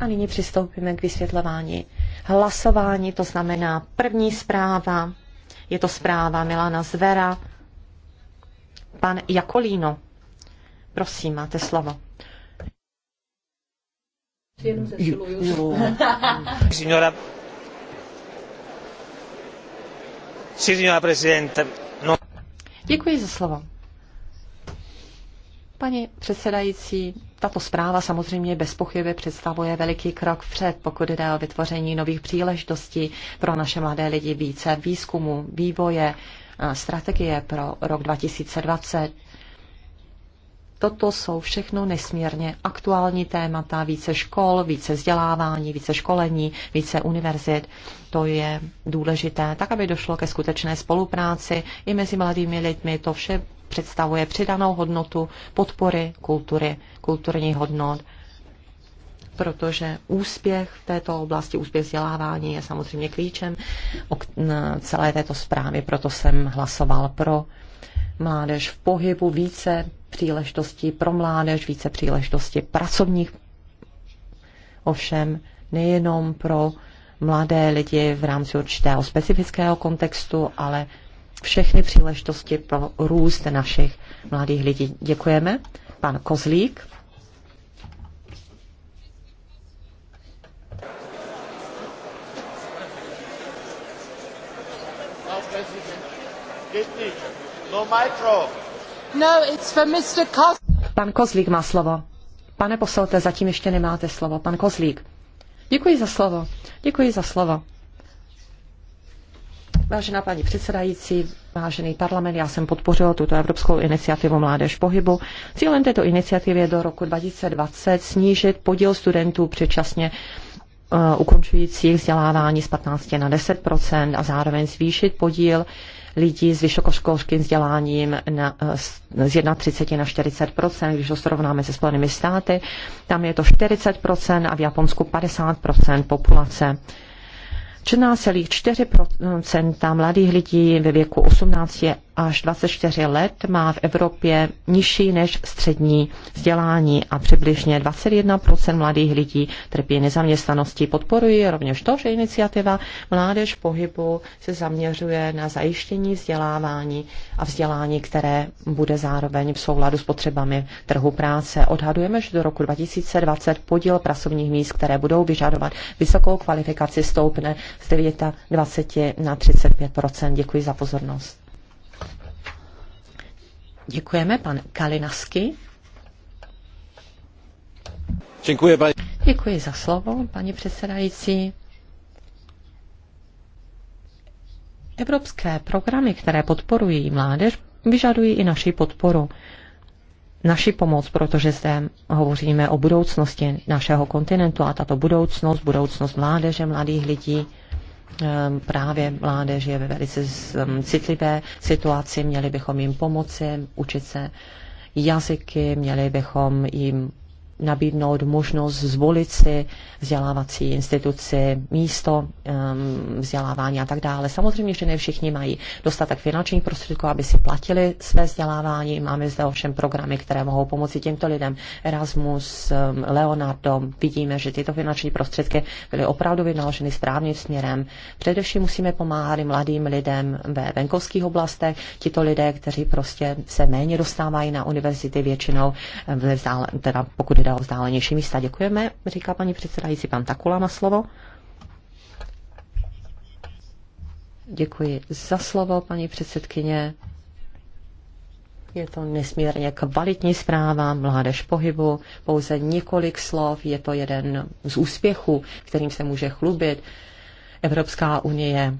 A nyní přistoupíme k vysvětlování hlasování, to znamená první zpráva, je to zpráva Milana Zvera, pan Jakolíno. Prosím, máte slovo. Signora, signora prezidente. No. Děkuji za slovo. Pani předsedající, tato zpráva samozřejmě bez pochyby představuje veliký krok vpřed, pokud jde o vytvoření nových příležitostí pro naše mladé lidi, více výzkumu, vývoje, strategie pro rok 2020. Toto jsou všechno nesmírně aktuální témata, více škol, více vzdělávání, více školení, více univerzit. To je důležité, tak aby došlo ke skutečné spolupráci i mezi mladými lidmi. To vše představuje přidanou hodnotu podpory kultury, kulturních hodnot, protože úspěch v této oblasti, úspěch vzdělávání je samozřejmě klíčem celé této zprávy, proto jsem hlasoval pro mládež v pohybu, více příležitostí pro mládež, více příležitostí pracovních, ovšem nejenom pro mladé lidi v rámci určitého specifického kontextu, ale všechny příležitosti pro růst našich mladých lidí. Děkujeme. Pan Kozlík. No, it's for Mr. Kos- Pan Kozlík má slovo. Pane poselte, zatím ještě nemáte slovo. Pan Kozlík. Děkuji za slovo. Děkuji za slovo. Vážená paní předsedající, vážený parlament, já jsem podpořil tuto Evropskou iniciativu Mládež pohybu. Cílem této iniciativy je do roku 2020 snížit podíl studentů předčasně uh, ukončujících vzdělávání z 15 na 10 a zároveň zvýšit podíl lidí s vysokoškolským vzděláním na, eh, z 31 na 40 když to srovnáme se Spojenými státy. Tam je to 40 a v Japonsku 50 populace. 14,4 mladých lidí ve věku 18 až 24 let má v Evropě nižší než střední vzdělání a přibližně 21% mladých lidí trpí nezaměstnaností. Podporuji rovněž to, že iniciativa Mládež pohybu se zaměřuje na zajištění vzdělávání a vzdělání, které bude zároveň v souladu s potřebami trhu práce. Odhadujeme, že do roku 2020 podíl pracovních míst, které budou vyžadovat vysokou kvalifikaci, stoupne z 29 na 35%. Děkuji za pozornost. Děkujeme, pan Kalinasky. Děkuji, paní... Děkuji za slovo, paní předsedající. Evropské programy, které podporují mládež, vyžadují i naši podporu. Naši pomoc, protože zde hovoříme o budoucnosti našeho kontinentu a tato budoucnost, budoucnost mládeže, mladých lidí, Ehm, právě mládež je ve velice ehm, citlivé situaci, měli bychom jim pomoci učit se jazyky, měli bychom jim nabídnout možnost zvolit si vzdělávací instituci, místo um, vzdělávání a tak dále. Samozřejmě, že ne všichni mají dostatek finančních prostředků, aby si platili své vzdělávání. Máme zde ovšem programy, které mohou pomoci těmto lidem. Erasmus, um, Leonardo, vidíme, že tyto finanční prostředky byly opravdu vynaloženy správným směrem. Především musíme pomáhat i mladým lidem ve venkovských oblastech. Tito lidé, kteří prostě se méně dostávají na univerzity většinou, teda pokud jde teda o vzdálenější místa. Děkujeme, říká paní předsedající. Pan Takula má slovo. Děkuji za slovo, paní předsedkyně. Je to nesmírně kvalitní zpráva, mládež pohybu, pouze několik slov, je to jeden z úspěchů, kterým se může chlubit Evropská unie.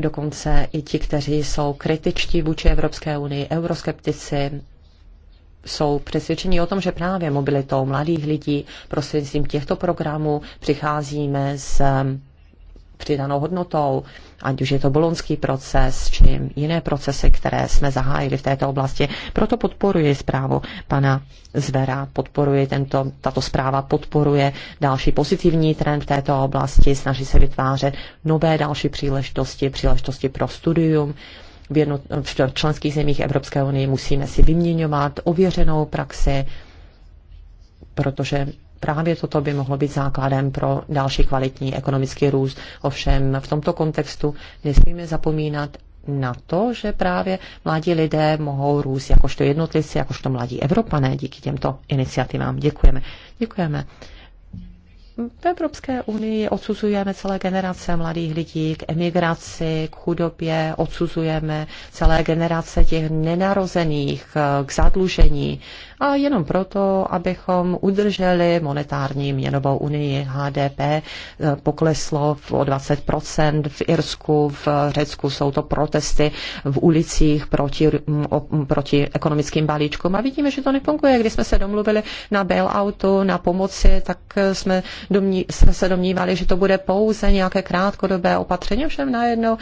Dokonce i ti, kteří jsou kritičtí vůči Evropské unii, euroskeptici, jsou přesvědčeni o tom, že právě mobilitou mladých lidí prostřednictvím těchto programů přicházíme s um, přidanou hodnotou, ať už je to bolonský proces, či jiné procesy, které jsme zahájili v této oblasti. Proto podporuji zprávu pana Zvera, podporuji tento, tato zpráva podporuje další pozitivní trend v této oblasti, snaží se vytvářet nové další příležitosti, příležitosti pro studium, v, jedno, v členských zemích Evropské unie musíme si vyměňovat ověřenou praxi, protože právě toto by mohlo být základem pro další kvalitní ekonomický růst. Ovšem v tomto kontextu nesmíme zapomínat na to, že právě mladí lidé mohou růst jakožto jednotlivci, jakožto mladí Evropané díky těmto iniciativám. Děkujeme. Děkujeme v Evropské unii odsuzujeme celé generace mladých lidí k emigraci, k chudobě, odsuzujeme celé generace těch nenarozených eh, k zadlužení. A jenom proto, abychom udrželi monetární měnovou unii HDP, eh, pokleslo o 20% v Irsku, v Řecku jsou to protesty v ulicích proti, mm, mm, proti ekonomickým balíčkům. A vidíme, že to nefunguje. Když jsme se domluvili na bailoutu, na pomoci, tak eh, jsme jsme se domnívali, že to bude pouze nějaké krátkodobé opatření, ovšem najednou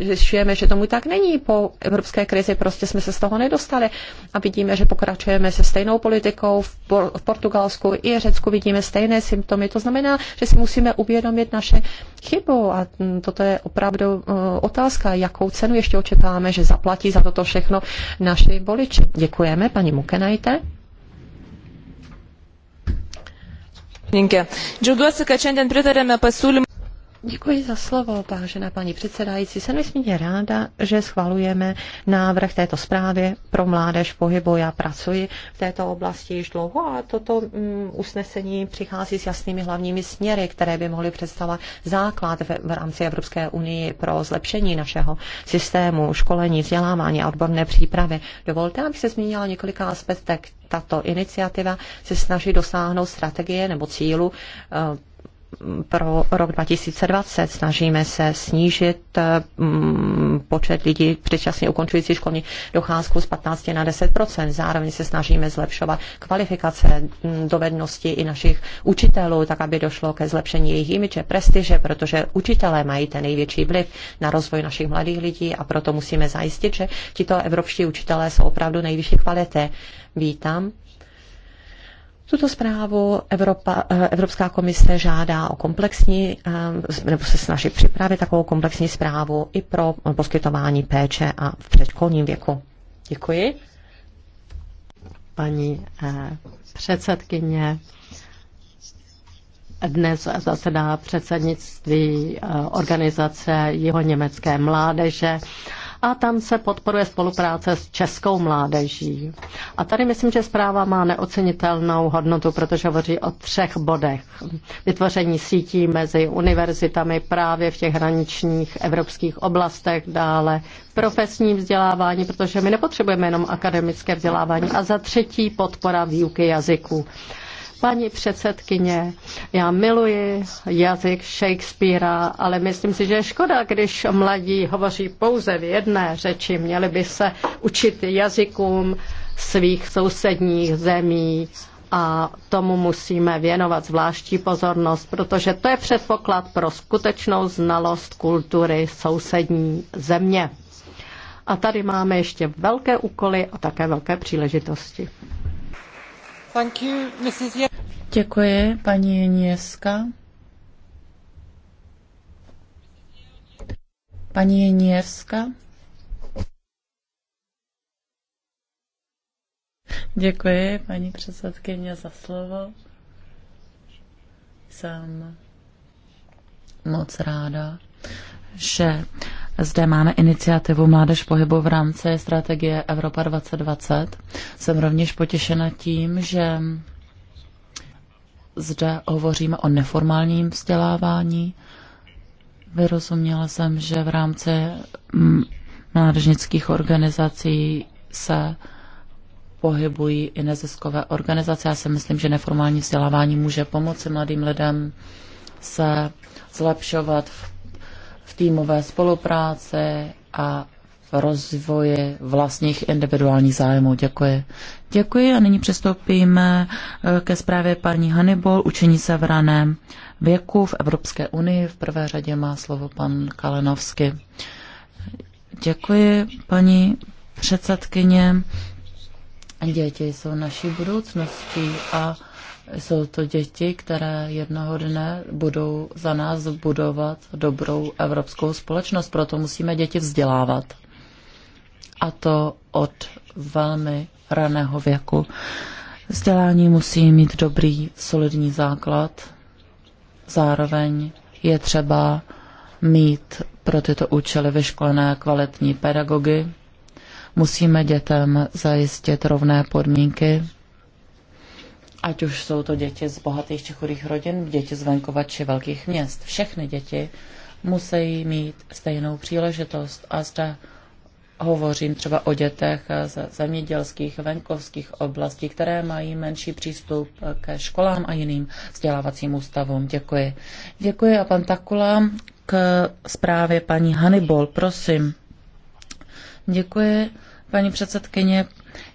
zjišťujeme, že tomu tak není. Po evropské krizi prostě jsme se z toho nedostali a vidíme, že pokračujeme se stejnou politikou v, Por- v Portugalsku i Řecku, vidíme stejné symptomy. To znamená, že si musíme uvědomit naše chybu a mm, toto je opravdu uh, otázka, jakou cenu ještě očekáváme, že zaplatí za toto všechno naši voliči. Děkujeme, paní Mukenajte. Džiaugiuosi, kad šiandien pritarėme pasiūlymui. Děkuji za slovo, vážená paní předsedající. Jsem nesmírně ráda, že schvalujeme návrh této zprávy pro mládež v pohybu. Já pracuji v této oblasti již dlouho a toto um, usnesení přichází s jasnými hlavními směry, které by mohly představovat základ v, v rámci Evropské unie pro zlepšení našeho systému školení, vzdělávání a odborné přípravy. Dovolte, abych se zmínila několika aspektech tato iniciativa se snaží dosáhnout strategie nebo cílu eh, pro rok 2020. Snažíme se snížit eh, mm, počet lidí předčasně ukončující školní docházku z 15 na 10 Zároveň se snažíme zlepšovat kvalifikace, mm, dovednosti i našich učitelů, tak aby došlo ke zlepšení jejich imiče, prestiže, protože učitelé mají ten největší vliv na rozvoj našich mladých lidí a proto musíme zajistit, že tito evropští učitelé jsou opravdu nejvyšší kvality. Vítám tuto zprávu Evropa, eh, Evropská komise žádá o komplexní, eh, nebo se snaží připravit takovou komplexní zprávu i pro poskytování péče a v předškolním věku. Děkuji. Paní eh, předsedkyně, dnes zasedá předsednictví organizace Jeho německé mládeže a tam se podporuje spolupráce s českou mládeží. A tady myslím, že zpráva má neocenitelnou hodnotu, protože hovoří o třech bodech. Vytvoření sítí mezi univerzitami právě v těch hraničních evropských oblastech, dále profesní vzdělávání, protože my nepotřebujeme jenom akademické vzdělávání a za třetí podpora výuky jazyků. Paní předsedkyně, já miluji jazyk Shakespearea, ale myslím si, že je škoda, když mladí hovoří pouze v jedné řeči. Měli by se učit jazykům svých sousedních zemí a tomu musíme věnovat zvláštní pozornost, protože to je předpoklad pro skutečnou znalost kultury sousední země. A tady máme ještě velké úkoly a také velké příležitosti. Děkuji, paní Jeněska. Paní Jeněvska. Děkuji, paní předsedkyně, za slovo. Jsem moc ráda, že zde máme iniciativu Mládež pohybu v rámci strategie Evropa 2020. Jsem rovněž potěšena tím, že zde hovoříme o neformálním vzdělávání. Vyrozuměla jsem, že v rámci mm, mládežnických organizací se pohybují i neziskové organizace. Já si myslím, že neformální vzdělávání může pomoci mladým lidem se zlepšovat v v týmové spolupráci a v rozvoje vlastních individuálních zájmů. Děkuji. Děkuji a nyní přistoupíme eh, ke zprávě paní Hannibal, učení se v raném věku v Evropské unii. V prvé řadě má slovo pan Kalenovsky. Děkuji, paní předsedkyně. Děti jsou naší budoucností a jsou to děti, které jednoho dne budou za nás budovat dobrou evropskou společnost. Proto musíme děti vzdělávat. A to od velmi raného věku. Vzdělání musí mít dobrý, solidní základ. Zároveň je třeba mít pro tyto účely vyškolené kvalitní pedagogy. Musíme dětem zajistit rovné podmínky Ať už jsou to děti z bohatých či chudých rodin, děti z venkova či velkých měst. Všechny děti musí mít stejnou příležitost a zda hovořím třeba o dětech z zemědělských venkovských oblastí, které mají menší přístup ke školám a jiným vzdělávacím ústavům. Děkuji. Děkuji a pan Takula k zprávě paní Hannibal, prosím. Děkuji, paní předsedkyně.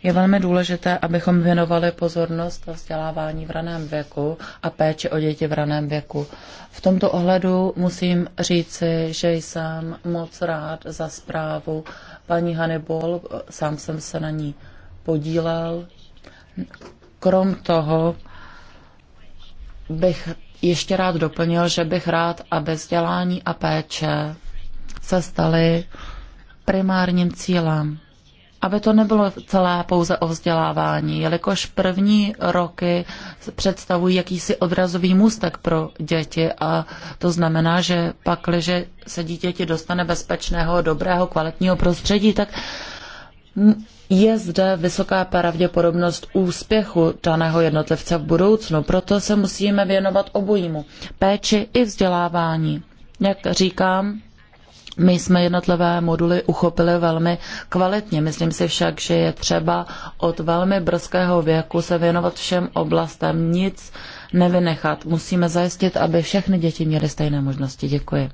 Je velmi důležité, abychom věnovali pozornost vzdělávání v raném věku a péči o děti v raném věku. V tomto ohledu musím říci, že jsem moc rád za zprávu paní Hannibal, sám jsem se na ní podílel. Krom toho bych ještě rád doplnil, že bych rád, aby vzdělání a péče se staly primárním cílem aby to nebylo celé pouze o vzdělávání, jelikož první roky představují jakýsi odrazový můstek pro děti a to znamená, že pak, když se dítěti dostane bezpečného, dobrého, kvalitního prostředí, tak je zde vysoká pravděpodobnost úspěchu daného jednotlivce v budoucnu. Proto se musíme věnovat obojímu. Péči i vzdělávání. Jak říkám, my jsme jednotlivé moduly uchopili velmi kvalitně. Myslím si však, že je třeba od velmi brzkého věku se věnovat všem oblastem, nic nevynechat. Musíme zajistit, aby všechny děti měly stejné možnosti. Děkuji.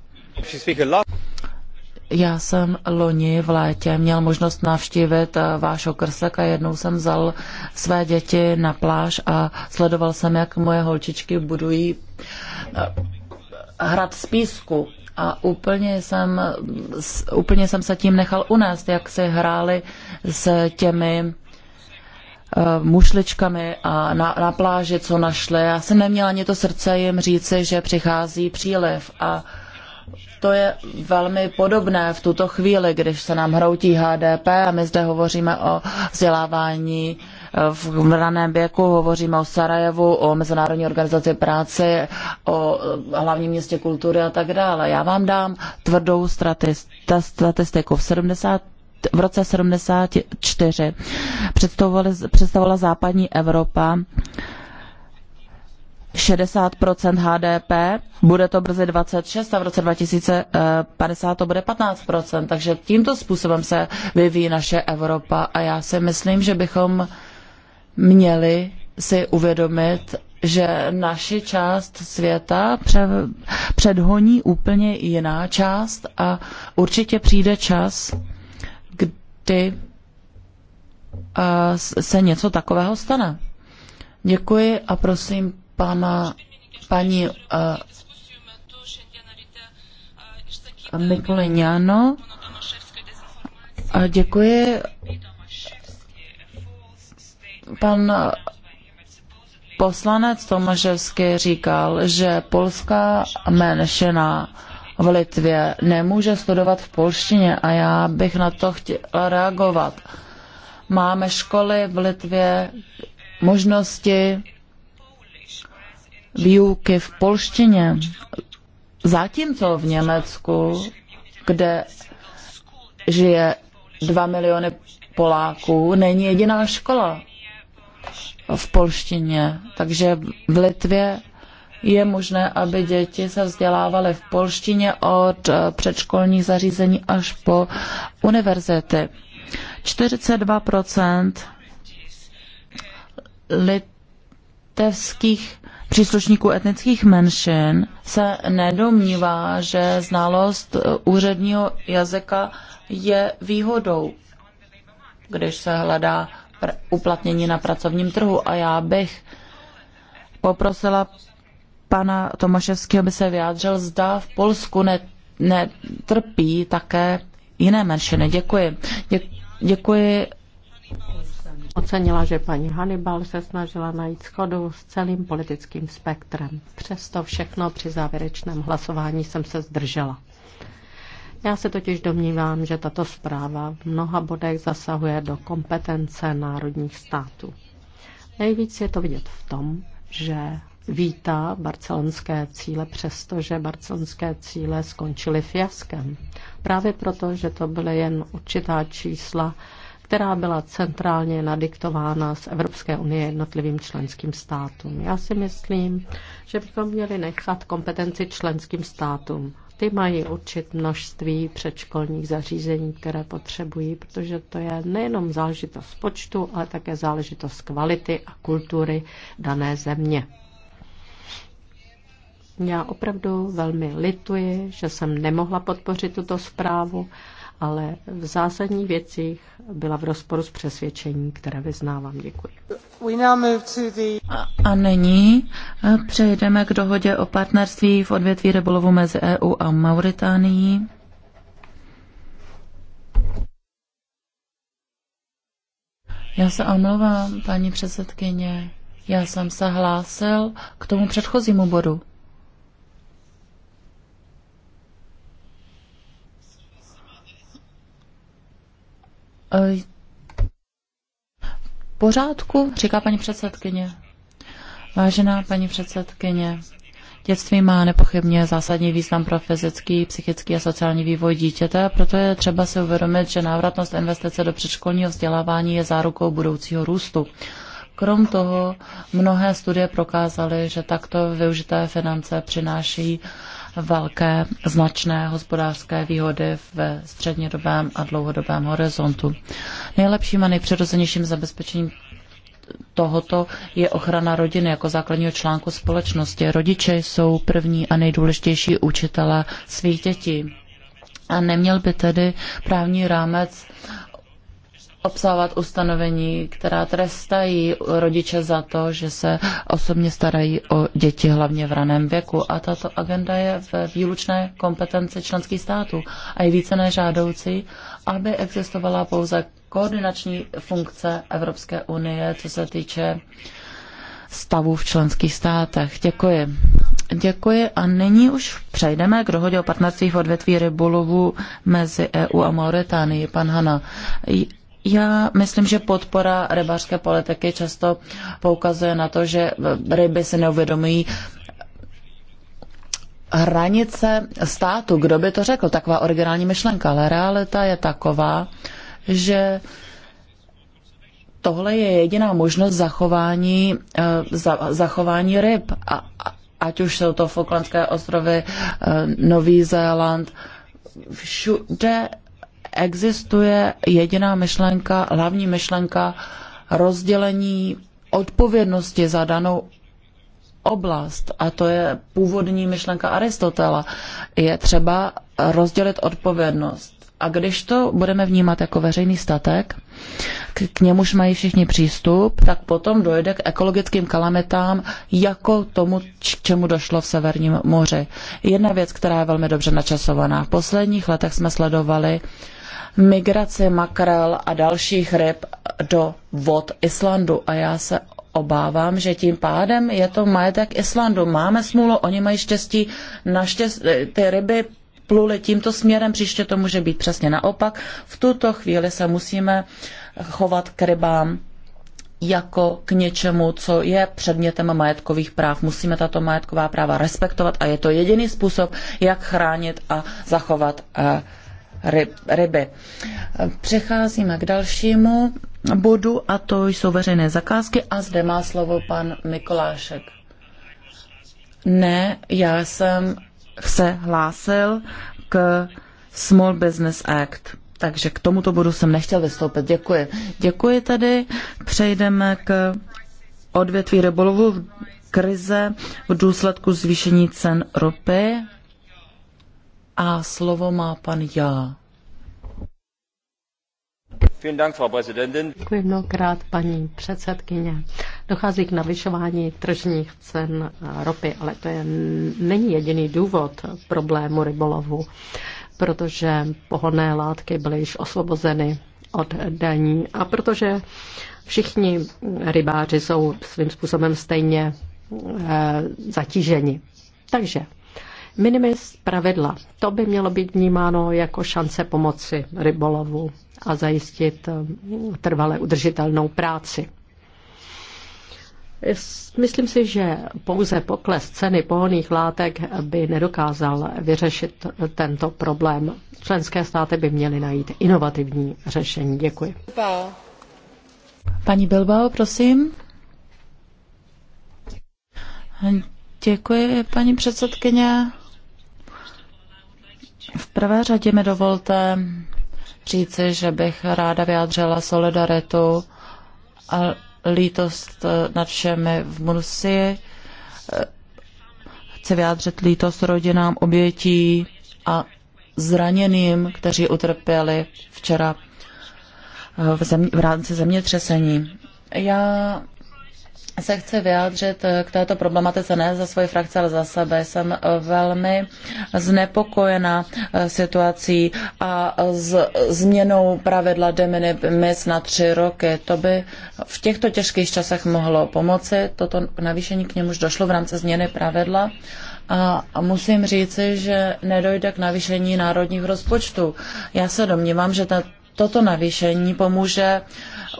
Já jsem loni v létě měl možnost navštívit eh, váš okrsek a jednou jsem vzal své děti na pláž a sledoval jsem, jak moje holčičky budují eh, hrad z písku a úplně jsem, úplně jsem se tím nechal unést, jak se hráli s těmi eh, mušličkami a na, na pláži, co našli. Já jsem neměla ani to srdce jim říci, že přichází příliv a to je velmi podobné v tuto chvíli, když se nám hroutí HDP a my zde hovoříme o vzdělávání v raném věku. Hovoříme o Sarajevu, o Mezinárodní organizaci práce, o hlavním městě kultury a tak dále. Já vám dám tvrdou statistiku. V 70 v roce 74 představovala západní Evropa 60 HDP, bude to brzy 26 a v roce 2050 to bude 15 Takže tímto způsobem se vyvíjí naše Evropa a já si myslím, že bychom měli si uvědomit, že naši část světa předhoní úplně jiná část a určitě přijde čas, kdy se něco takového stane. Děkuji a prosím pana, paní uh, Mikuliniano. Děkuji. Pan poslanec Tomaševský říkal, že polská menšina v Litvě nemůže studovat v polštině a já bych na to chtěla reagovat. Máme školy v Litvě, možnosti výuky v polštině. Zatímco v Německu, kde žije dva miliony Poláků, není jediná škola v polštině. Takže v Litvě je možné, aby děti se vzdělávaly v polštině od eh, předškolních zařízení až po univerzity. 42% litevských příslušníků etnických menšin se nedomnívá, že znalost eh, úředního jazyka je výhodou, když se hledá uplatnění na pracovním trhu. A já bych poprosila pana Tomaševského, aby se vyjádřil, zda v Polsku ne, netrpí také jiné menšiny. Děkuji. Dě, děkuji. Ocenila, že paní Hannibal se snažila najít schodu s celým politickým spektrem. Přesto všechno při závěrečném hlasování jsem se zdržela. Já se totiž domnívám, že tato zpráva v mnoha bodech zasahuje do kompetence národních států. Nejvíc je to vidět v tom, že vítá barcelonské cíle, přestože barcelonské cíle skončily fiaskem. Právě proto, že to byly jen určitá čísla, která byla centrálně nadiktována z Evropské unie jednotlivým členským státům. Já si myslím, že bychom měli nechat kompetenci členským státům. Ty mají určit množství předškolních zařízení, které potřebují, protože to je nejenom záležitost počtu, ale také záležitost kvality a kultury dané země. Já opravdu velmi lituji, že jsem nemohla podpořit tuto zprávu ale v zásadních věcích byla v rozporu s přesvědčením, které vyznávám. Děkuji. A, a nyní eh, přejdeme k dohodě o partnerství v odvětví rybolovu mezi EU a Mauritánií. Já se omlouvám, paní předsedkyně. Já jsem se hlásil k tomu předchozímu bodu. V eh, pořádku, říká paní předsedkyně. Vážená paní předsedkyně, Dětství má nepochybně zásadní význam pro fyzický, psychický a sociální vývoj dítěte, proto je třeba si uvědomit, že návratnost investice do předškolního vzdělávání je zárukou budoucího růstu. Krom toho mnohé studie prokázaly, že takto využité finance přináší velké značné hospodářské výhody ve střednědobém a dlouhodobém horizontu. Nejlepším a nejpřirozenějším zabezpečením tohoto je ochrana rodiny jako základního článku společnosti. Rodiče jsou první a nejdůležitější učitele svých dětí. A neměl by tedy právní rámec obsahovat ustanovení, která trestají rodiče za to, že se osobně starají o děti hlavně v raném věku. A tato agenda je ve výlučné kompetenci členských států a je více než žádoucí, aby existovala pouze koordinační funkce Evropské unie, co se týče stavu v členských státech. Děkuji. Děkuji a nyní už přejdeme k dohodě o partnerství v odvětví rybolovu mezi EU a Mauritánií. Pan Hana, já myslím, že podpora rybářské politiky často poukazuje na to, že ryby si neuvědomují hranice státu. Kdo by to řekl? Taková originální myšlenka, ale realita je taková, že tohle je jediná možnost zachování, eh, za, zachování ryb. A, ať už jsou to Falklandské ostrovy, eh, Nový Zéland, všude existuje jediná myšlenka, hlavní myšlenka rozdělení odpovědnosti za danou oblast, a to je původní myšlenka Aristotela, je třeba rozdělit odpovědnost. A když to budeme vnímat jako veřejný statek, k, k němuž mají všichni přístup, tak potom dojde k ekologickým kalamitám, jako tomu, k čemu došlo v Severním moři. Jedna věc, která je velmi dobře načasovaná. V posledních letech jsme sledovali migraci makrel a dalších ryb do vod Islandu a já se obávám, že tím pádem je to majetek Islandu. Máme smůlu, oni mají štěstí, naštěstí, ty ryby pluli tímto směrem, příště to může být přesně naopak. V tuto chvíli se musíme chovat k rybám jako k něčemu, co je předmětem majetkových práv. Musíme tato majetková práva respektovat a je to jediný způsob, jak chránit a zachovat eh, ryby. Přecházíme k dalšímu bodu a to jsou veřejné zakázky a zde má slovo pan Mikolášek. Ne, já jsem se hlásil k Small Business Act. Takže k tomuto bodu jsem nechtěl vystoupit. Děkuji. Děkuji tedy. Přejdeme k odvětví rybolovu krize v důsledku zvýšení cen ropy. A slovo má pan Já. Děkuji mnohokrát, paní předsedkyně. Dochází k navyšování tržních cen ropy, ale to je, není jediný důvod problému rybolovu, protože pohodné látky byly již osvobozeny od daní a protože všichni rybáři jsou svým způsobem stejně eh, zatíženi. Takže Minimis pravidla. To by mělo být vnímáno jako šance pomoci rybolovu a zajistit eh, trvale udržitelnou práci. Myslím si, že pouze pokles ceny pohoných látek by nedokázal vyřešit tento problém. Členské státy by měly najít inovativní řešení. Děkuji. Paní Bilbao, prosím. Děkuji, paní předsedkyně. V prvé řadě mi dovolte říci, že bych ráda vyjádřila solidaritu ale lítost eh, nad všemi v Mursii. Eh, chci vyjádřit lítost rodinám obětí a zraněným, kteří utrpěli včera eh, v, zem, v rámci zemětřesení. Já se chci vyjádřit eh, k této problematice ne za svoji frakci, ale za sebe. Jsem eh, velmi znepokojena eh, situací a s změnou pravidla de minimis na tři roky. To by v těchto těžkých časech mohlo pomoci. Toto navýšení k němuž došlo v rámci změny pravidla. A musím říci, že nedojde k navýšení národních rozpočtů. Já se domnívám, že ta toto navýšení pomůže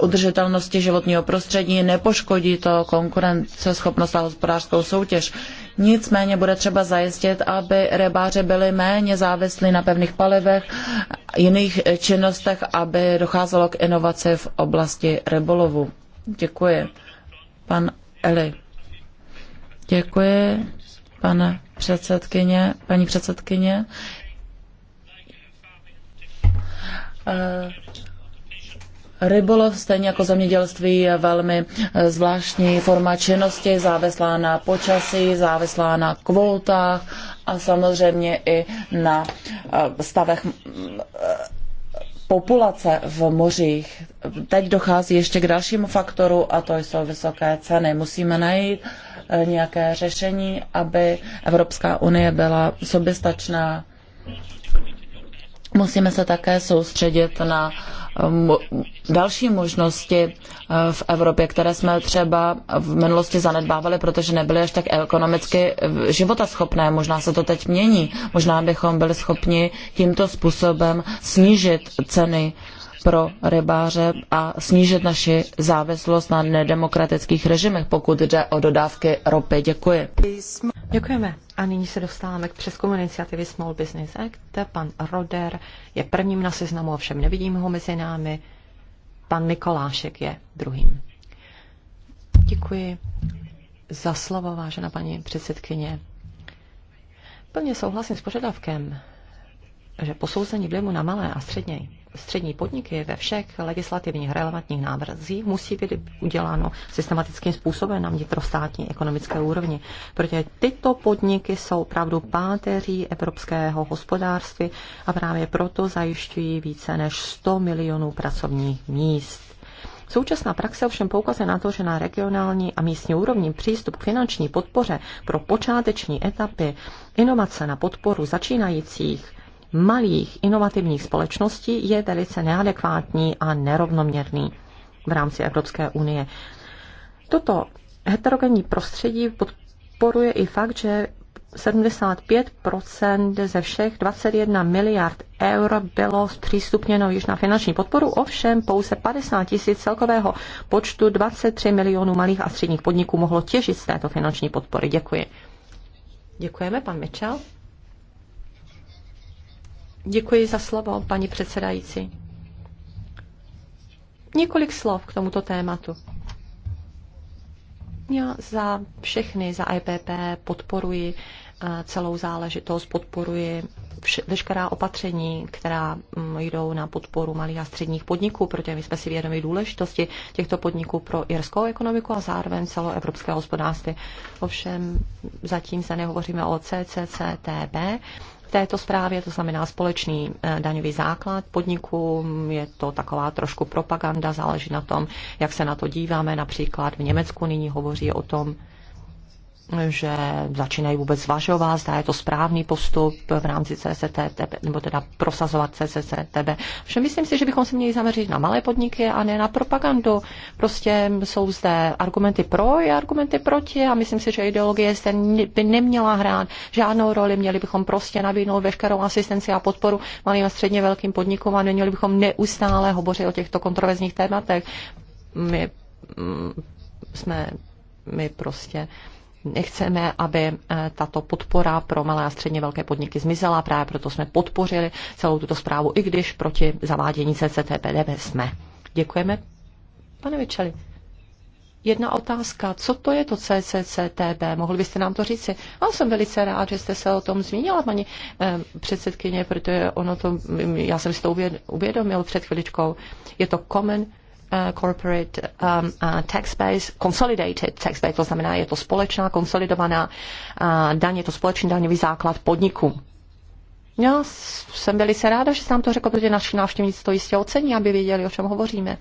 udržitelnosti životního prostředí, nepoškodí to konkurenceschopnost a hospodářskou soutěž. Nicméně bude třeba zajistit, aby rybáři byli méně závislí na pevných palivech, jiných činnostech, aby docházelo k inovaci v oblasti rybolovu. Děkuji. Pan Eli. Děkuji, pane předsedkyně, paní předsedkyně. Eh, rybolov, stejně jako zemědělství, je velmi eh, zvláštní forma činnosti, závislá na počasí, závislá na kvótách a samozřejmě i na eh, stavech populace v mořích. Teď dochází ještě k dalšímu faktoru a to jsou vysoké ceny. Musíme najít nějaké řešení, aby Evropská unie byla soběstačná Musíme se také soustředit na um, další možnosti uh, v Evropě, které jsme třeba v minulosti zanedbávali, protože nebyly až tak ekonomicky uh, životaschopné. Možná se to teď mění. Možná bychom byli schopni tímto způsobem snížit ceny pro rybáře a snížit naši závislost na nedemokratických režimech, pokud jde o dodávky ropy. Děkuji. Děkujeme. A nyní se dostáváme k přeskumu iniciativy Small Business Act. Pan Roder je prvním na seznamu, ovšem nevidím ho mezi námi. Pan Mikolášek je druhým. Děkuji za slovo, vážená paní předsedkyně. Plně souhlasím s požadavkem že posouzení vlivu na malé a střední, střední podniky ve všech legislativních relevantních návrzích musí být uděláno systematickým způsobem na vnitrostátní ekonomické úrovni, protože tyto podniky jsou opravdu páteří evropského hospodářství a právě proto zajišťují více než 100 milionů pracovních míst. Současná praxe ovšem poukazuje na to, že na regionální a místní úrovni přístup k finanční podpoře pro počáteční etapy inovace na podporu začínajících malých inovativních společností je velice neadekvátní a nerovnoměrný v rámci Evropské unie. Toto heterogenní prostředí podporuje i fakt, že 75 ze všech 21 miliard eur bylo zpřístupněno již na finanční podporu, ovšem pouze 50 tisíc celkového počtu 23 milionů malých a středních podniků mohlo těžit z této finanční podpory. Děkuji. Děkujeme, pan Mitchell. Děkuji za slovo, paní předsedající. Několik slov k tomuto tématu. Já za všechny, za EPP podporuji celou záležitost, podporuji veškerá opatření, která mm, jdou na podporu malých a středních podniků, protože my jsme si vědomi důležitosti těchto podniků pro irskou ekonomiku a zároveň celoevropské hospodářství. Ovšem zatím se nehovoříme o CCCTB, této zprávě, to znamená společný eh, daňový základ podniků. Je to taková trošku propaganda, záleží na tom, jak se na to díváme. Například v Německu nyní hovoří o tom, že začínají vůbec zvažovat, zda je to správný postup v rámci CCTB, nebo teda prosazovat CCTB. Všem myslím si, že bychom se měli zaměřit na malé podniky a ne na propagandu. Prostě jsou zde argumenty pro i argumenty proti a myslím si, že ideologie zde by neměla hrát žádnou roli. Měli bychom prostě nabídnout veškerou asistenci a podporu malým a středně velkým podnikům a neměli bychom neustále hovořit o těchto kontroverzních tématech. My mm, jsme my prostě Nechceme, aby eh, tato podpora pro malé a středně velké podniky zmizela, právě proto jsme podpořili celou tuto zprávu, i když proti zavádění CCTPDB jsme. Děkujeme, pane Večeli. Jedna otázka, co to je to CCCTB? Mohli byste nám to říci? Já jsem velice rád, že jste se o tom zmínila, paní eh, předsedkyně, protože ono to, já jsem si to uvědomil před chviličkou. Je to Common Uh, corporate um, uh, tax base, consolidated tax base, to znamená, je to společná, konsolidovaná uh, daň, je to společný daňový základ podniku. Já jsem velice ráda, že jsem to řekl, protože naši návštěvníci to jistě ocení, aby věděli, o čem hovoříme.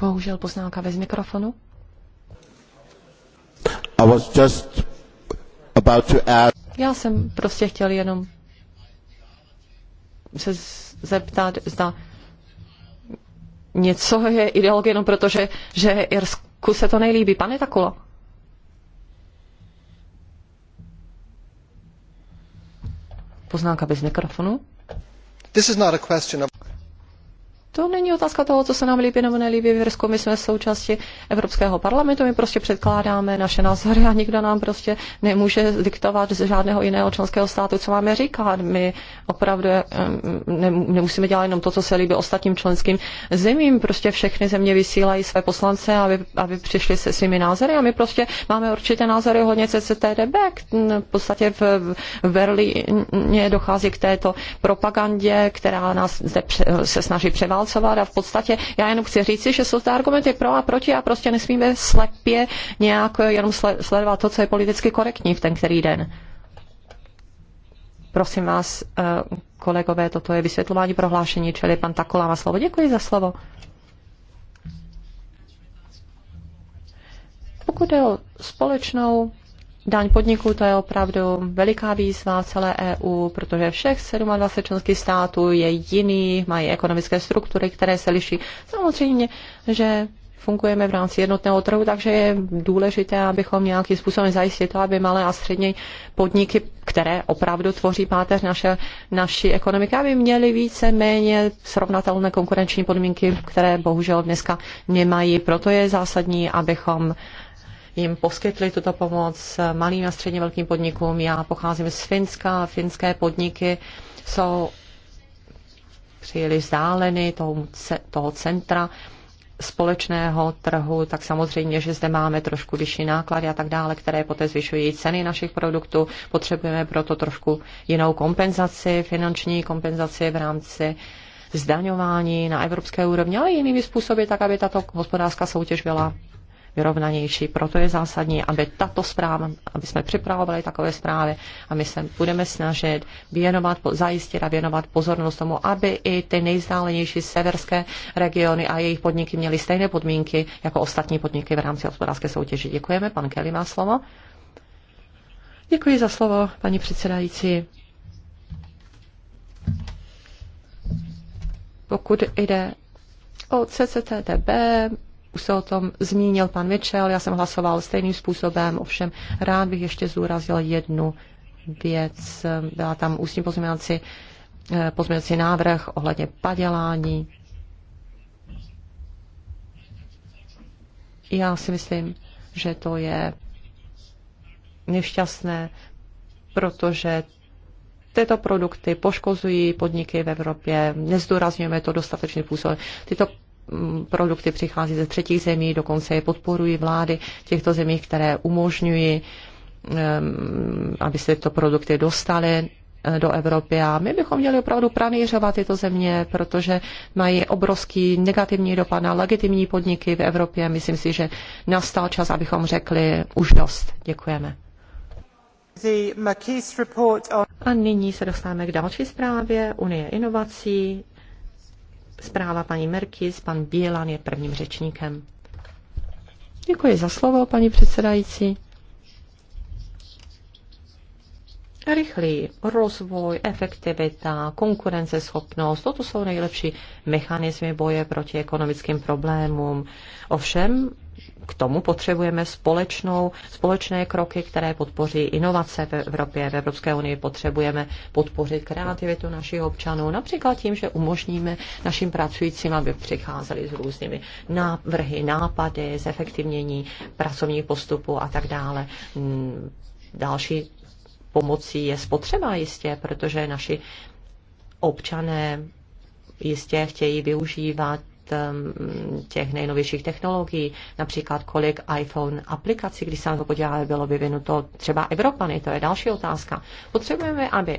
Bohužel poznámka bez mikrofonu was just about to ask. Já jsem prostě chtěl jenom se zeptat, zda něco je ideologie jenom protože, že Irsku se to nejlíbí. Pane takulo? Poznámka bez mikrofonu. This is not a question of... To není otázka toho, co se nám líbí nebo nelíbí v Irsku. My jsme součástí Evropského parlamentu, my prostě předkládáme naše názory a nikdo nám prostě nemůže diktovat z žádného jiného členského státu, co máme říkat. My opravdu eh, nemusíme dělat jenom to, co se líbí ostatním členským zemím. Prostě všechny země vysílají své poslance, aby, aby přišli se svými názory a my prostě máme určité názory hodně CCTDB. V podstatě v, Berlíně dochází k této propagandě, která nás zde se snaží převádět válcovat a v podstatě já jenom chci říci, že jsou zde argumenty pro a proti a prostě nesmíme slepě nějak jenom sledovat to, co je politicky korektní v ten který den. Prosím vás, eh, kolegové, toto je vysvětlování prohlášení, čili pan Takola má slovo. Děkuji za slovo. Pokud jde o společnou Daň podniků to je opravdu veliká výzva celé EU, protože všech 27 členských států je jiný, mají ekonomické struktury, které se liší. Samozřejmě, že fungujeme v rámci jednotného trhu, takže je důležité, abychom nějakým způsobem zajistili to, aby malé a střední podniky, které opravdu tvoří páteř naše, naší ekonomiky, aby měly více méně srovnatelné konkurenční podmínky, které bohužel dneska nemají. Proto je zásadní, abychom jim poskytli tuto pomoc malým a středně velkým podnikům. Já pocházím z Finska, finské podniky jsou příliš vzdáleny toho, toho centra společného trhu, tak samozřejmě, že zde máme trošku vyšší náklady a tak dále, které poté zvyšují ceny našich produktů. Potřebujeme proto trošku jinou kompenzaci, finanční kompenzaci v rámci zdaňování na evropské úrovni, ale jinými způsoby, tak aby tato hospodářská soutěž byla vyrovnanější. Proto je zásadní, aby tato zpráva, aby jsme připravovali takové zprávy a my se budeme snažit věnovat, zajistit a věnovat pozornost tomu, aby i ty nejzdálenější severské regiony a jejich podniky měly stejné podmínky jako ostatní podniky v rámci hospodářské soutěže. Děkujeme. Pan Kelly má slovo. Děkuji za slovo, paní předsedající. Pokud jde o CCTB, už se o tom zmínil pan Mitchell, já jsem hlasoval stejným způsobem, ovšem rád bych ještě zúrazil jednu věc. Byla tam ústní pozměnací, eh, pozměnací návrh ohledně padělání. Já si myslím, že to je nešťastné, protože tyto produkty poškozují podniky v Evropě, nezdůrazňujeme to dostatečným způsobem. Tyto Mm, produkty přichází ze třetích zemí, dokonce je podporují vlády těchto zemí, které umožňují, mm, aby se tyto produkty dostaly eh, do Evropy a my bychom měli opravdu pranýřovat tyto země, protože mají obrovský negativní dopad na legitimní podniky v Evropě. Myslím si, že nastal čas, abychom řekli už dost. Děkujeme. A nyní se dostáváme k další zprávě Unie inovací. Zpráva paní Merkis, pan Bielan je prvním řečníkem. Děkuji za slovo, paní předsedající. rychlý rozvoj, efektivita, konkurenceschopnost, toto jsou nejlepší mechanismy boje proti ekonomickým problémům. Ovšem, k tomu potřebujeme společnou, společné kroky, které podpoří inovace v Evropě. V Evropské unii potřebujeme podpořit kreativitu našich občanů, například tím, že umožníme našim pracujícím, aby přicházeli s různými návrhy, nápady, zefektivnění pracovních postupů a tak dále. Hmm, další pomocí je spotřeba jistě, protože naši občané jistě chtějí využívat ehm, těch nejnovějších technologií, například kolik iPhone aplikací, když se na to podíváme, bylo vyvinuto třeba Evropany, to je další otázka. Potřebujeme, aby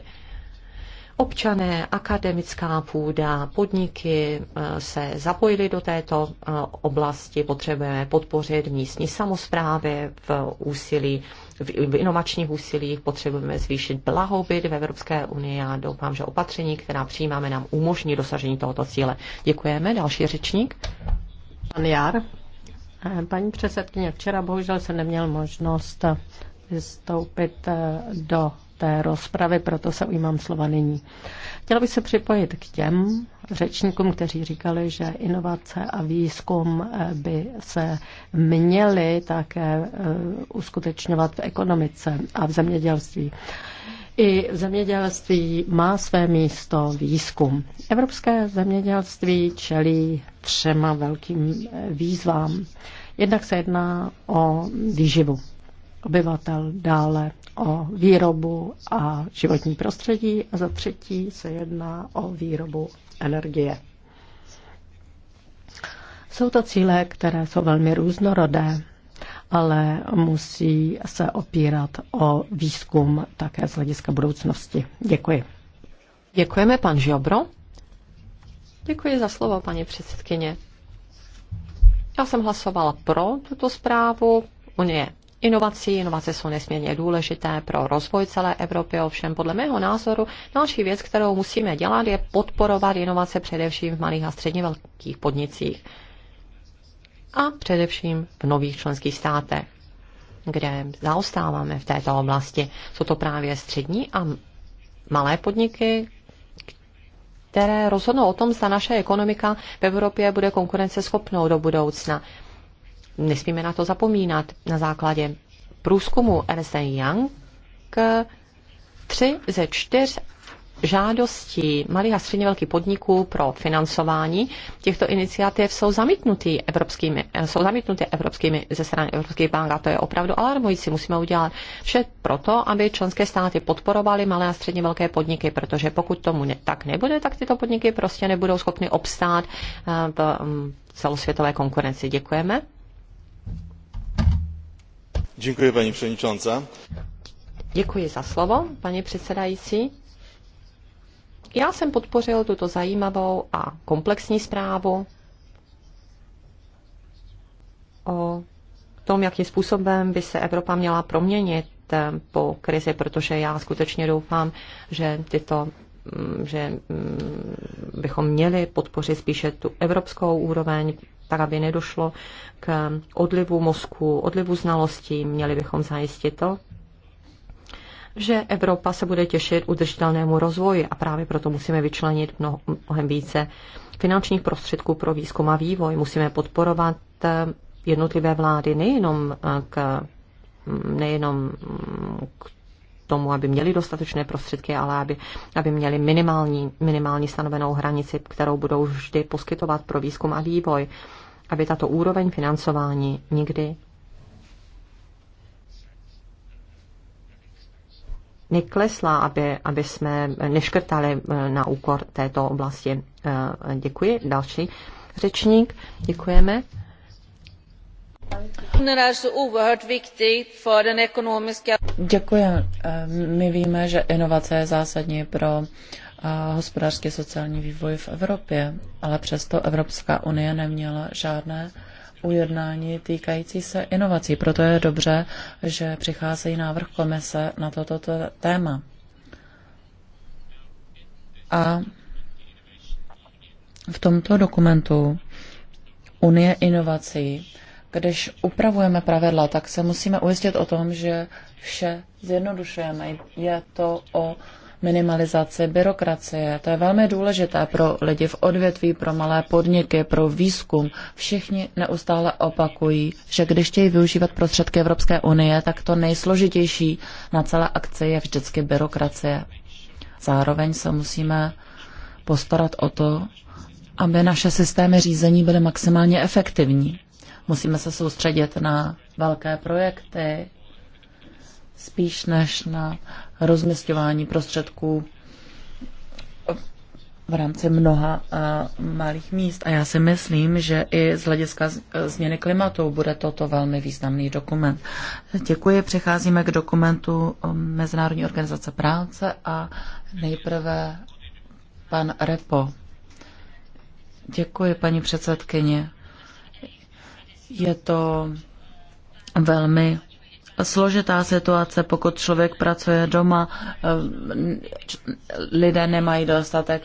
občané, akademická půda, podniky eh, se zapojili do této eh, oblasti. Potřebujeme podpořit místní samozprávy v úsilí v inovačních úsilích, potřebujeme zvýšit blahobyt v Evropské unii a doufám, že opatření, která přijímáme, nám umožní dosažení tohoto cíle. Děkujeme. Další řečník. Pan Jar. Paní předsedkyně, včera bohužel jsem neměl možnost vystoupit eh, do té rozpravy, proto se ujímám slova nyní. Chtěla bych se připojit k těm, řečníkům, kteří říkali, že inovace a výzkum eh, by se měly také eh, uskutečňovat v ekonomice a v zemědělství. I v zemědělství má své místo výzkum. Evropské zemědělství čelí třema velkým eh, výzvám. Jednak se jedná o výživu obyvatel, dále o výrobu a životní prostředí a za třetí se jedná o výrobu energie. Jsou to cíle, které jsou velmi různorodé, ale musí se opírat o výzkum také z hlediska budoucnosti. Děkuji. Děkujeme, pan Žobro. Děkuji za slovo, paní předsedkyně. Já jsem hlasovala pro tuto zprávu. Unie inovací. Inovace jsou nesmírně důležité pro rozvoj celé Evropy, ovšem podle mého názoru další věc, kterou musíme dělat, je podporovat inovace především v malých a středně velkých podnicích a především v nových členských státech, kde zaostáváme v této oblasti. Jsou to právě střední a malé podniky, které rozhodnou o tom, zda naše ekonomika v Evropě bude konkurenceschopnou do budoucna nesmíme na to zapomínat. Na základě průzkumu Ernst Young tři ze čtyř žádostí malých a středně velkých podniků pro financování těchto iniciativ jsou zamítnuty evropskými, jsou zamítnuty evropskými ze strany evropských bank a to je opravdu alarmující. Musíme udělat vše proto, aby členské státy podporovaly malé a středně velké podniky, protože pokud tomu ne, tak nebude, tak tyto podniky prostě nebudou schopny obstát eh, v mm, celosvětové konkurenci. Děkujeme. Děkuji, paní předsedající. Já jsem podpořil tuto zajímavou a komplexní zprávu o tom, jakým způsobem by se Evropa měla proměnit eh, po krizi, protože já skutečně doufám, že tyto mm, že mm, bychom měli podpořit spíše tu evropskou úroveň, tak aby nedošlo k odlivu mozku, odlivu znalostí. Měli bychom zajistit to, že Evropa se bude těšit udržitelnému rozvoji a právě proto musíme vyčlenit mnohem více finančních prostředků pro výzkum a vývoj. Musíme podporovat eh, jednotlivé vlády nejenom eh, k, mm, nejenom mm, k tomu, aby měli dostatečné prostředky, ale aby, aby měli minimální, minimální stanovenou hranici, kterou budou vždy poskytovat pro výzkum a vývoj aby tato úroveň financování nikdy neklesla, aby, aby jsme neškrtali eh, na úkor této oblasti. Eh, děkuji. Další řečník. Děkujeme. Děkuji. Eh, my víme, že inovace je zásadní pro hospodářský sociální vývoj v Evropě, ale přesto Evropská unie neměla žádné ujednání týkající se inovací. Proto je dobře, že přicházejí návrh komise na toto téma. A v tomto dokumentu Unie inovací, když upravujeme pravidla, tak se musíme ujistit o tom, že vše zjednodušujeme. Je to o minimalizaci byrokracie. To je velmi důležité pro lidi v odvětví, pro malé podniky, pro výzkum. Všichni neustále opakují, že když chtějí využívat prostředky Evropské unie, tak to nejsložitější na celé akci je vždycky byrokracie. Zároveň se musíme postarat o to, aby naše systémy řízení byly maximálně efektivní. Musíme se soustředit na velké projekty, spíš než na rozměstňování prostředků v rámci mnoha eh, malých míst. A já si myslím, že i z hlediska eh, změny klimatu bude toto velmi významný dokument. Děkuji. Přecházíme k dokumentu eh, Mezinárodní organizace práce a nejprve pan Repo. Děkuji, paní předsedkyně. Je to velmi složitá situace, pokud člověk pracuje doma, eh, lidé nemají dostatek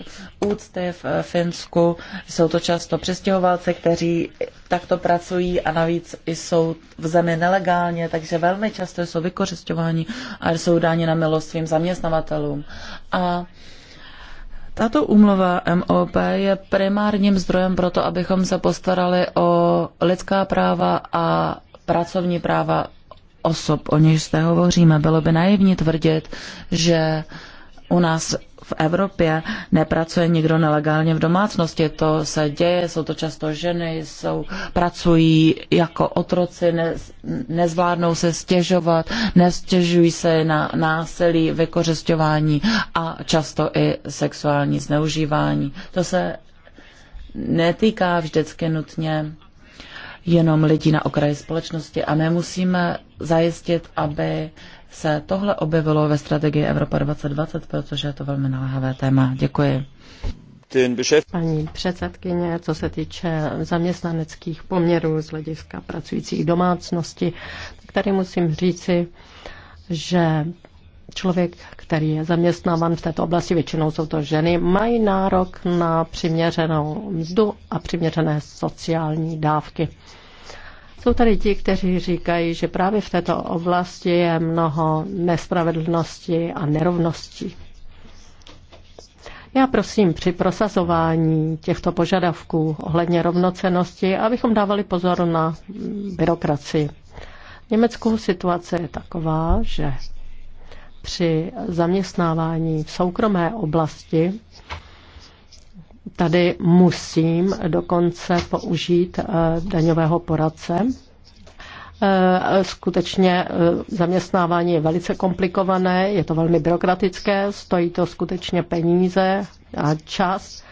úcty v eh, Finsku, jsou to často přestěhovalci, kteří takto pracují a navíc jsou v zemi nelegálně, takže velmi často jsou vykořišťováni a jsou dáni na milost svým zaměstnavatelům. A tato úmluva MOP je primárním zdrojem pro to, abychom se postarali o lidská práva a pracovní práva osob, o nich zde hovoříme. Bylo by naivní tvrdit, že u nás v Evropě nepracuje nikdo nelegálně v domácnosti. To se děje, jsou to často ženy, jsou, pracují jako otroci, ne, nezvládnou se stěžovat, nestěžují se na násilí, vykořišťování a často i sexuální zneužívání. To se netýká vždycky nutně jenom lidí na okraji společnosti a my musíme zajistit, aby se tohle objevilo ve strategii Evropa 2020, protože je to velmi naléhavé téma. Děkuji. Paní předsedkyně, co se týče zaměstnaneckých poměrů z hlediska pracujících domácnosti, tak tady musím říci, že člověk, který je zaměstnávan v této oblasti, většinou jsou to ženy, mají nárok na přiměřenou mzdu a přiměřené sociální dávky. Jsou tady ti, kteří říkají, že právě v této oblasti je mnoho nespravedlnosti a nerovností. Já prosím při prosazování těchto požadavků ohledně rovnocenosti, abychom dávali pozor na byrokracii. V Německu situace je taková, že při zaměstnávání v soukromé oblasti Tady musím dokonce použít eh, daňového poradce. Eh, skutečně eh, zaměstnávání je velice komplikované, je to velmi byrokratické, stojí to skutečně peníze a čas.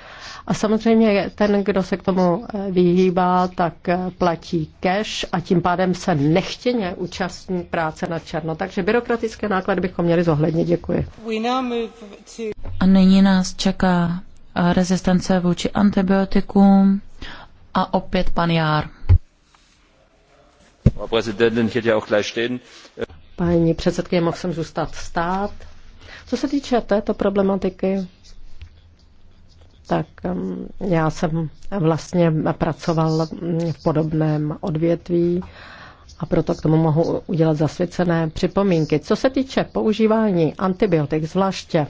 A samozřejmě ten, kdo se k tomu vyhýbá, tak platí cash a tím pádem se nechtěně účastní práce na černo. Takže byrokratické náklady bychom měli zohlednit. Děkuji. A nyní nás čeká rezistence vůči antibiotikům a opět pan Jár. Paní předsedkyně, mohl jsem zůstat stát. Co se týče této problematiky, tak um, já jsem vlastně pracoval v podobném odvětví a proto k tomu mohu udělat zasvěcené připomínky. Co se týče používání antibiotik, zvláště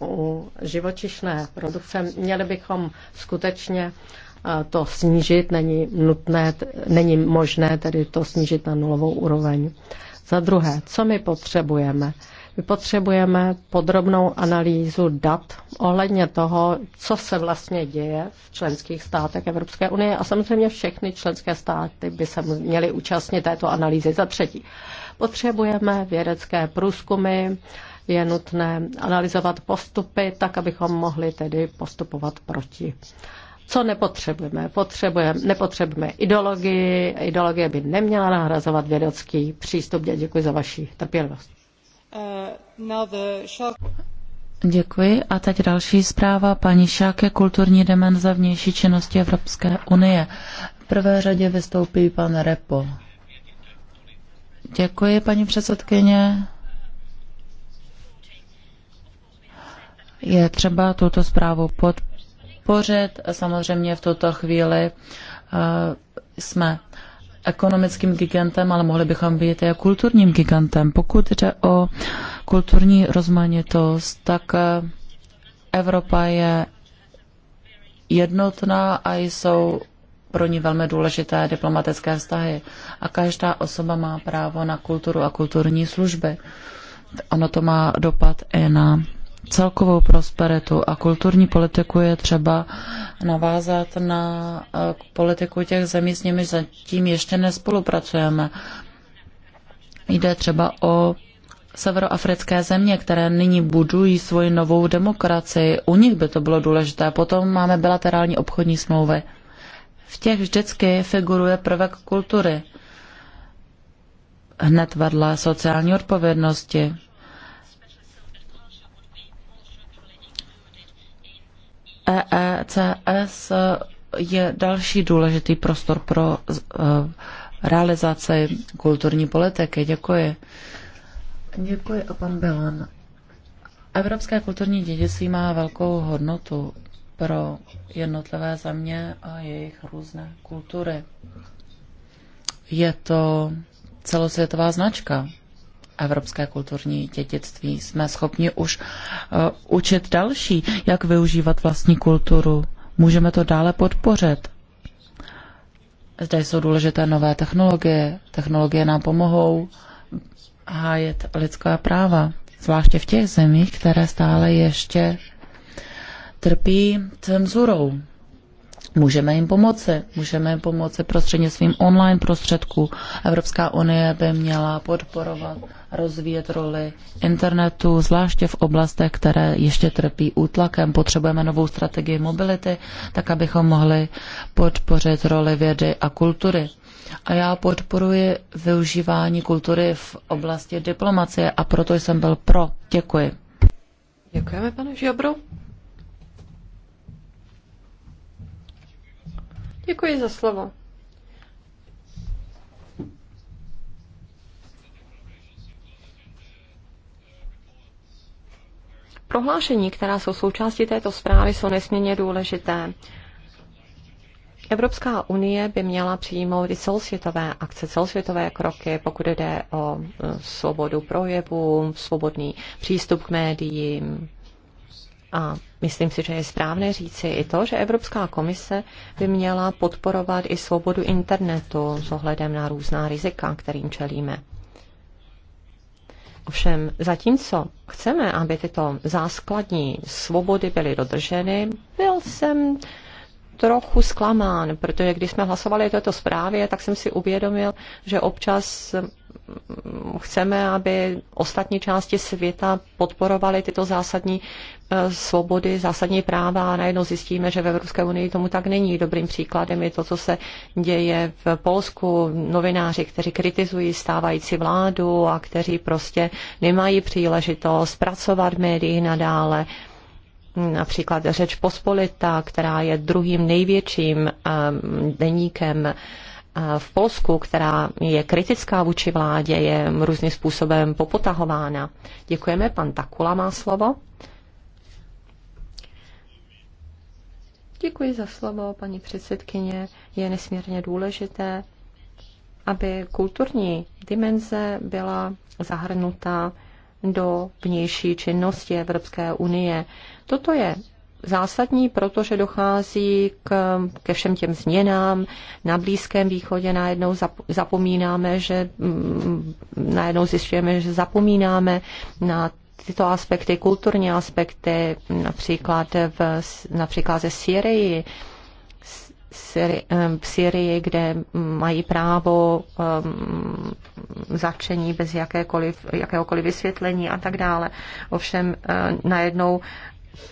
u živočišné produkce, měli bychom skutečně to snížit, není, nutné, není možné tedy to snížit na nulovou úroveň. Za druhé, co my potřebujeme? My potřebujeme podrobnou analýzu dat ohledně toho, co se vlastně děje v členských státech Evropské unie a samozřejmě všechny členské státy by se měly účastnit této analýzy za třetí. Potřebujeme vědecké průzkumy, je nutné analyzovat postupy tak, abychom mohli tedy postupovat proti co nepotřebujeme. Potřebujeme, nepotřebujeme ideologii. Ideologie by neměla nahrazovat vědecký přístup. děkuji za vaši trpělivost. Uh, Děkuji. A teď další zpráva paní Šáke, kulturní demenze vnější činnosti Evropské unie. V prvé řadě vystoupí pan Repo. Děkuji, paní předsedkyně. Je třeba tuto zprávu podpořit. Samozřejmě v tuto chvíli eh, jsme ekonomickým gigantem, ale mohli bychom být i kulturním gigantem. Pokud jde o kulturní rozmanitost, tak eh, Evropa je jednotná a jsou pro ní velmi důležité diplomatické vztahy. A každá osoba má právo na kulturu a kulturní služby. Ono to má dopad i na celkovou prosperitu a kulturní politiku je třeba navázat na eh, politiku těch zemí, s nimi zatím ještě nespolupracujeme. Jde třeba o severoafrické země, které nyní budují svoji novou demokracii. U nich by to bylo důležité. Potom máme bilaterální obchodní smlouvy. V těch vždycky figuruje prvek kultury. Hned vedle sociální odpovědnosti EECS je další důležitý prostor pro e, realizaci kulturní politiky. Děkuji. Děkuji a pan Belan. Evropské kulturní dědictví má velkou hodnotu pro jednotlivé země a jejich různé kultury. Je to celosvětová značka evropské kulturní dědictví. Jsme schopni už uh, učit další, jak využívat vlastní kulturu. Můžeme to dále podpořit. Zde jsou důležité nové technologie. Technologie nám pomohou hájet lidská práva, zvláště v těch zemích, které stále ještě trpí cenzurou. Můžeme jim pomoci. Můžeme jim pomoci prostředně svým online prostředků. Evropská unie by měla podporovat, rozvíjet roli internetu, zvláště v oblastech, které ještě trpí útlakem. Potřebujeme novou strategii mobility, tak abychom mohli podpořit roli vědy a kultury. A já podporuji využívání kultury v oblasti diplomacie a proto jsem byl pro. Děkuji. Děkujeme, pane Žiobro. Děkuji za slovo. Prohlášení, která jsou součástí této zprávy, jsou nesmírně důležité. Evropská unie by měla přijmout i celosvětové akce, celosvětové kroky, pokud jde o e, svobodu projevu, svobodný přístup k médiím, a myslím si, že je správné říci i to, že Evropská komise by měla podporovat i svobodu internetu s ohledem na různá rizika, kterým čelíme. Ovšem, zatímco chceme, aby tyto záskladní svobody byly dodrženy, byl jsem trochu zklamán, protože když jsme hlasovali o této zprávě, tak jsem si uvědomil, že občas chceme, aby ostatní části světa podporovaly tyto zásadní eh, svobody, zásadní práva a najednou zjistíme, že v Evropské unii tomu tak není. Dobrým příkladem je to, co se děje v Polsku. Novináři, kteří kritizují stávající vládu a kteří prostě nemají příležitost pracovat v médiích nadále například Řeč Pospolita, která je druhým největším um, deníkem v Polsku, která je kritická vůči vládě, je různým způsobem popotahována. Děkujeme, pan Takula má slovo. Děkuji za slovo, paní předsedkyně. Je nesmírně důležité, aby kulturní dimenze byla zahrnuta do vnější činnosti Evropské unie. Toto je zásadní, protože dochází k, ke všem těm změnám. Na Blízkém východě najednou zapomínáme, že mm, najednou zjišťujeme, že zapomínáme na tyto aspekty, kulturní aspekty, například, v, například ze Syrii, v Syrii, kde mají právo um, zatčení bez jakékoliv, jakéhokoliv vysvětlení a tak dále. Ovšem najednou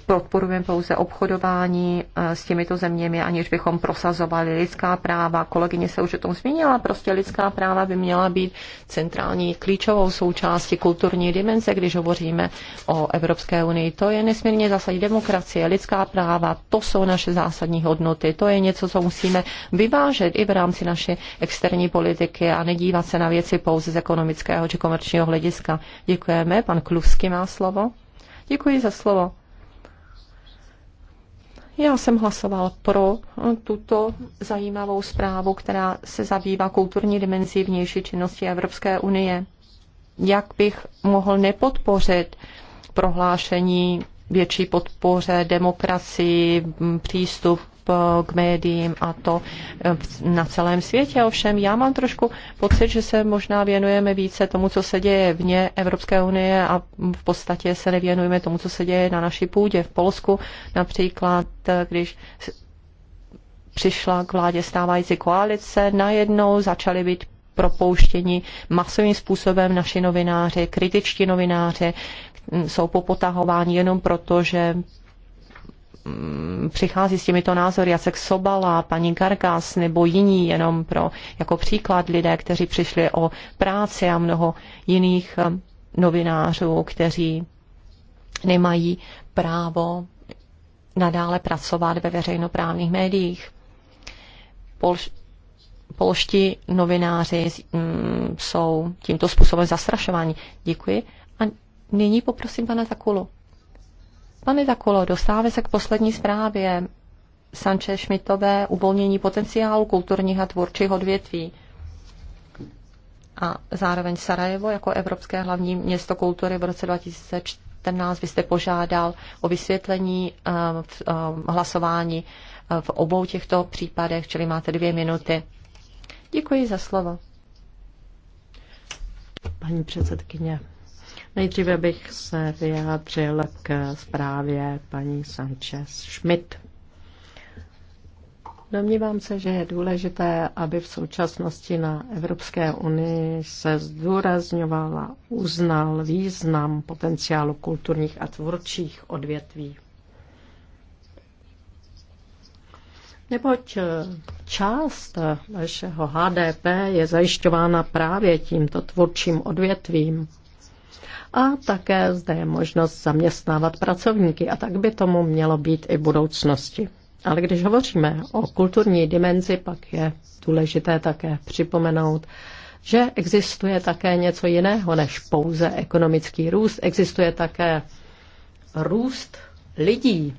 podporujeme pouze obchodování eh, s těmito zeměmi, aniž bychom prosazovali lidská práva. Kolegyně se už o tom zmínila, prostě lidská práva by měla být centrální klíčovou součástí kulturní dimenze, když hovoříme o Evropské unii. To je nesmírně zásadní demokracie, lidská práva, to jsou naše zásadní hodnoty, to je něco, co musíme vyvážet i v rámci naší externí politiky a nedívat se na věci pouze z ekonomického či komerčního hlediska. Děkujeme. Pan Klusky má slovo. Děkuji za slovo. Já jsem hlasoval pro eh, tuto zajímavou zprávu, která se zabývá kulturní dimenzí vnější činnosti Evropské unie. Jak bych mohl nepodpořit prohlášení větší podpoře demokracii, přístup k médiím a to eh, na celém světě. Ovšem já mám trošku pocit, že se možná věnujeme více tomu, co se děje vně Evropské unie a v podstatě se nevěnujeme tomu, co se děje na naší půdě. V Polsku například, eh, když přišla k vládě stávající koalice, najednou začaly být propouštěni masovým způsobem naši novináři, kritičtí novináři, mm, jsou popotahováni jenom proto, že Mm, přichází s těmito názory, Jacek Sobala, paní Gargas nebo jiní, jenom pro jako příklad lidé, kteří přišli o práci a mnoho jiných eh, novinářů, kteří nemají právo nadále pracovat ve veřejnoprávních médiích. Polš- polští novináři mm, jsou tímto způsobem zastrašováni. Děkuji. A nyní poprosím pana Zakulu. Pane takolo, dostáváme se k poslední zprávě Sanče šmitové uvolnění potenciálu kulturních a tvůrčích odvětví. A zároveň Sarajevo jako Evropské hlavní město kultury v roce 2014 vy jste požádal o vysvětlení eh, v eh, hlasování eh, v obou těchto případech, čili máte dvě minuty. Děkuji za slovo. Paní předsedkyně, Nejdříve bych se vyjádřil k zprávě paní Sanchez Schmidt. Domnívám se, že je důležité, aby v současnosti na Evropské unii se zdůrazňovala, uznal význam potenciálu kulturních a tvůrčích odvětví. Neboť část našeho HDP je zajišťována právě tímto tvůrčím odvětvím a také zde je možnost zaměstnávat pracovníky a tak by tomu mělo být i v budoucnosti. Ale když hovoříme o kulturní dimenzi, pak je důležité také připomenout, že existuje také něco jiného než pouze ekonomický růst. Existuje také růst lidí.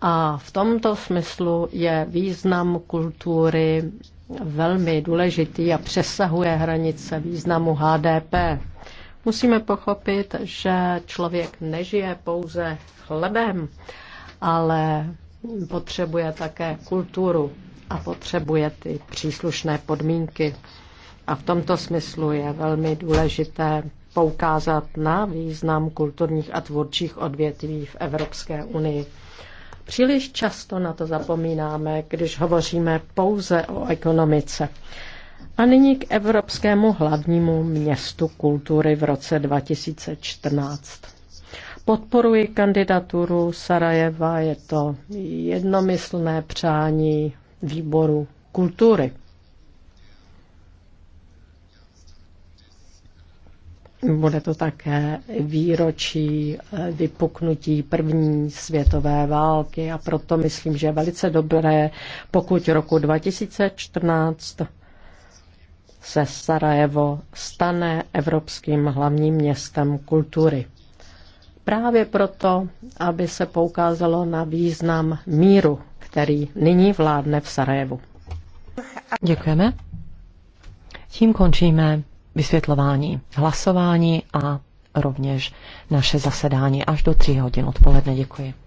A v tomto smyslu je význam kultury velmi důležitý a přesahuje hranice významu HDP. Musíme pochopit, že člověk nežije pouze chlebem, ale potřebuje také kulturu a potřebuje ty příslušné podmínky. A v tomto smyslu je velmi důležité poukázat na význam kulturních a tvůrčích odvětví v Evropské unii. Příliš často na to zapomínáme, když hovoříme pouze o ekonomice. A nyní k Evropskému hlavnímu městu kultury v roce 2014. Podporuji kandidaturu Sarajeva, je to jednomyslné přání výboru kultury. Bude to také výročí eh, vypuknutí první světové války a proto myslím, že je velice dobré, pokud roku 2014 se Sarajevo stane evropským hlavním městem kultury. Právě proto, aby se poukázalo na význam míru, který nyní vládne v Sarajevu. Děkujeme. Tím končíme vysvětlování hlasování a rovněž naše zasedání až do 3 hodin odpoledne. Děkuji.